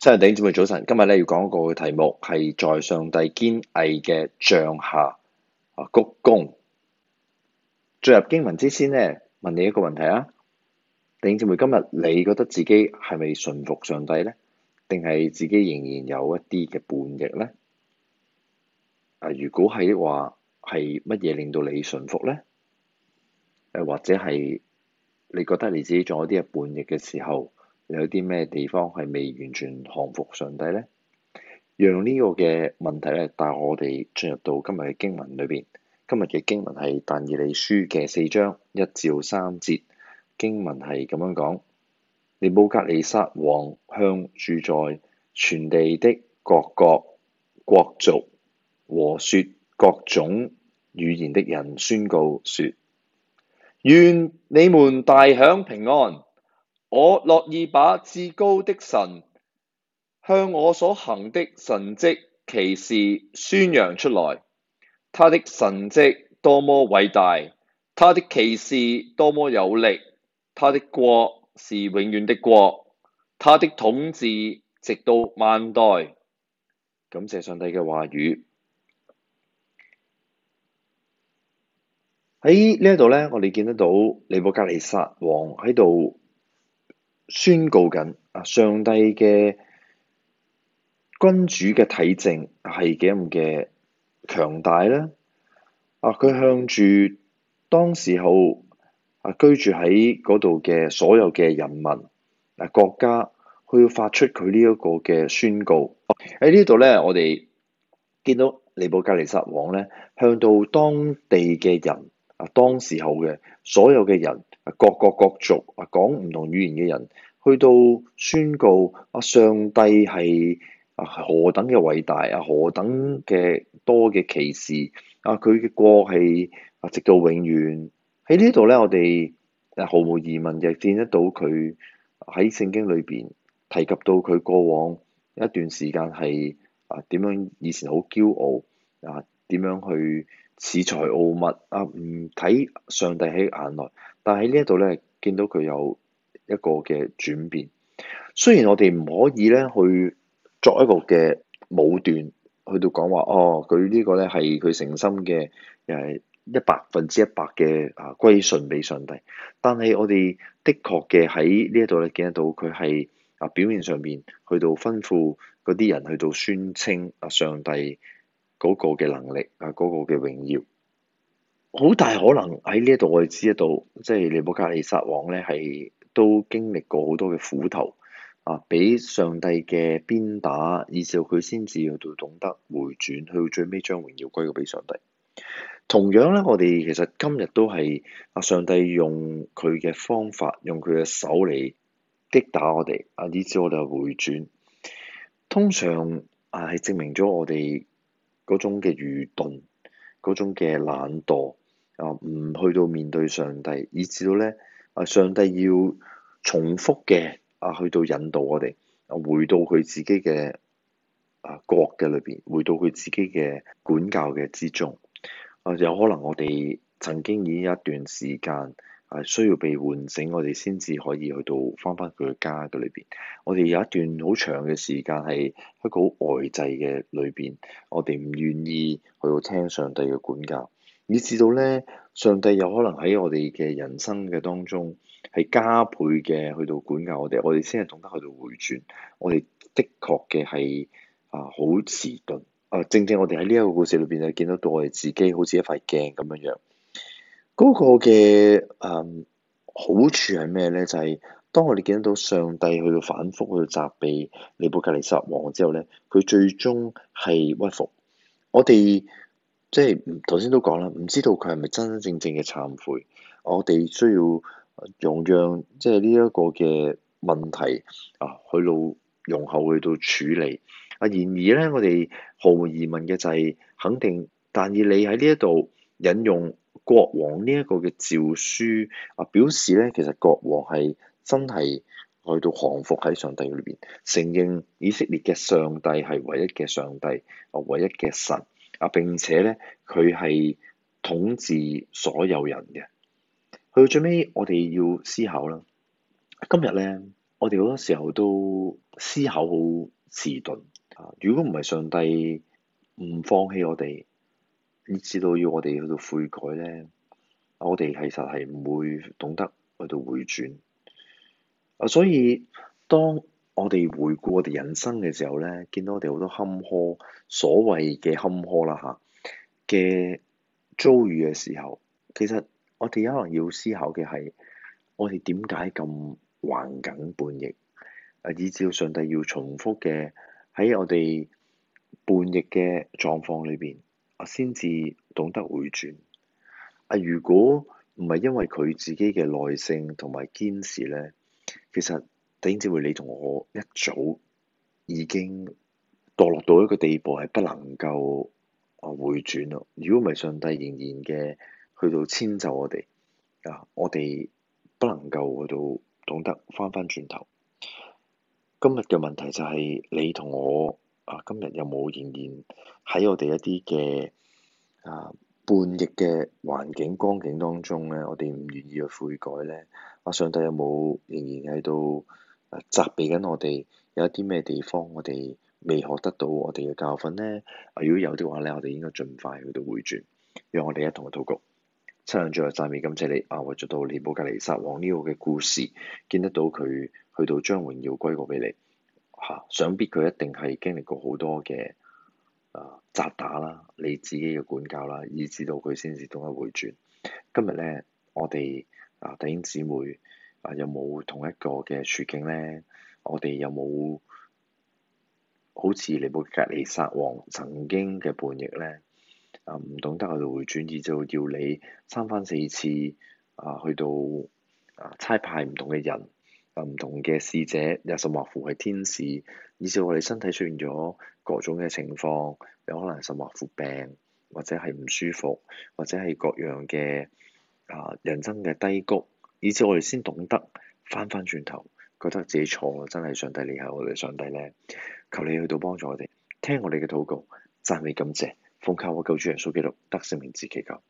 親愛的弟兄姊妹，早晨，今日咧要講一個題目係在上帝堅毅嘅杖下鞠躬。進入經文之先，咧，問你一個問題啊，弟兄姊妹，今日你覺得自己係咪順服上帝咧，定係自己仍然有一啲嘅叛逆咧？啊，如果係話，係乜嘢令到你順服咧？誒，或者係你覺得你自己仲有啲嘅叛逆嘅時候，有啲咩地方係未完全降服上帝呢？讓呢個嘅問題咧帶我哋進入到今日嘅經文裏邊。今日嘅經文係但以理書嘅四章一至三節，經文係咁樣講：尼布甲尼撒王向住在全地的各國、各族和說各種語言的人宣告說：願你們大享平安！我樂意把至高的神向我所行的神蹟奇事宣揚出來。他的神蹟多麼偉大，他的奇事多麼有力，他的國是永遠的國，他的統治直到萬代。感謝上帝嘅話語喺呢度呢，我哋見得到尼布甲尼撒王喺度。宣告緊啊！上帝嘅君主嘅體證係幾咁嘅強大咧？啊！佢向住當時候啊，居住喺嗰度嘅所有嘅人民啊國家，去發出佢呢一個嘅宣告。喺呢度咧，我哋見到尼布甲尼撒王咧，向到當地嘅人。啊，當時候嘅所有嘅人，啊，各國各，各族，啊，講唔同語言嘅人，去到宣告啊，上帝係啊何等嘅偉大，啊何等嘅多嘅奇事，啊佢嘅國係啊直到永遠。喺呢度咧，我哋毫無疑問嘅見得到佢喺聖經裏邊提及到佢過往一段時間係啊點樣以前好驕傲啊點樣去。恃才傲物啊，唔睇上帝喺眼內，但喺呢一度咧，見到佢有一個嘅轉變。雖然我哋唔可以咧去作一個嘅武斷，去到講話哦，佢呢個咧係佢誠心嘅，又一百分之一百嘅啊歸順俾上帝。但係我哋的確嘅喺呢一度咧，見得到佢係啊表面上面去到吩咐嗰啲人去到宣稱啊上帝。嗰個嘅能力啊，嗰、嗰個嘅榮耀，好大可能喺呢一度我哋知得度，即係尼布甲尼撒王咧係都經歷過好多嘅苦頭啊，俾上帝嘅鞭打，以至佢先至去到懂得回轉，去到最尾將榮耀歸個俾上帝。同樣咧，我哋其實今日都係啊，上帝用佢嘅方法，用佢嘅手嚟擊打我哋啊，以致我哋回轉。通常啊，係證明咗我哋。嗰種嘅愚鈍，嗰種嘅懶惰，啊唔去到面對上帝，以至到咧啊上帝要重複嘅啊去到引導我哋，回到佢自己嘅啊國嘅裏邊，回到佢自己嘅管教嘅之中，啊有可能我哋曾經已經一段時間。係需要被喚醒，我哋先至可以去到翻返佢嘅家嘅裏邊。我哋有一段好長嘅時間係一個好呆滯嘅裏邊，我哋唔願意去到聽上帝嘅管教，以至到呢，上帝有可能喺我哋嘅人生嘅當中係加倍嘅去到管教我哋，我哋先係懂得去到回轉。我哋的確嘅係啊好遲鈍，啊、呃呃、正正我哋喺呢一個故事裏邊就見得到我哋自己好似一塊鏡咁樣樣。嗰個嘅誒、嗯、好處係咩咧？就係、是、當我哋見到上帝去到反覆去責備尼布甲尼撒王之後咧，佢最終係屈服。我哋即係頭先都講啦，唔知道佢係咪真真正正嘅懺悔？我哋需要容讓即係呢一個嘅問題啊，去到容後去到處理啊。然而咧，我哋毫無疑問嘅就係肯定，但以理喺呢一度引用。國王呢一個嘅詔書啊，表示咧，其實國王係真係去到降服喺上帝裏邊，承認以色列嘅上帝係唯一嘅上帝，啊，唯一嘅神啊，並且咧佢係統治所有人嘅。去到最尾，我哋要思考啦。今日咧，我哋好多時候都思考好遲鈍啊！如果唔係上帝唔放棄我哋。以致到要我哋去到悔改咧，我哋其實係唔會懂得去到回轉啊，所以當我哋回顧我哋人生嘅時候咧，見到我哋好多坎坷，所謂嘅坎坷啦嚇嘅遭遇嘅時候，其實我哋可能要思考嘅係我哋點解咁頑梗叛逆啊，以至到上帝要重複嘅喺我哋叛逆嘅狀況裏邊。先至懂得回轉。啊，如果唔係因為佢自己嘅耐性同埋堅持咧，其實何止會你同我一早已經墮落到一個地步，係不能夠啊回轉咯。如果唔係上帝仍然嘅去到遷就我哋，啊，我哋不能夠去到懂得返返轉頭。今日嘅問題就係你同我。啊！今日有冇仍然喺我哋一啲嘅啊叛逆嘅環境光景當中咧，我哋唔願意去悔改咧？啊！上帝有冇仍然喺度啊責備緊我哋有一啲咩地方我哋未學得到我哋嘅教訓咧？啊！如果有啲話咧，我哋應該盡快去到回轉，讓我哋一同去禱告，親最後讚美感謝你啊！為著到尼布甲尼撒王呢個嘅故事，見得到佢去到將榮耀歸過俾你。想必佢一定係經歷過好多嘅啊責打啦，你自己嘅管教啦，以至到佢先至懂得回轉。今日咧，我哋啊弟兄姊妹啊有冇同一個嘅處境咧？我哋有冇好似尼布甲尼撒王曾經嘅叛逆咧？啊，唔懂得去回轉，而就要你三番四次啊去到啊差派唔同嘅人，唔同嘅使者，有甚或乎係天使，以至我哋身體出現咗各種嘅情況，有可能甚或乎病，或者係唔舒服，或者係各樣嘅啊人生嘅低谷，以至我哋先懂得返返轉頭，覺得自己錯，真係上帝，你係我哋上帝咧，求你去到幫助我哋，聽我哋嘅禱告，讚美感謝，奉靠我救主耶穌基督，得勝名字祈求。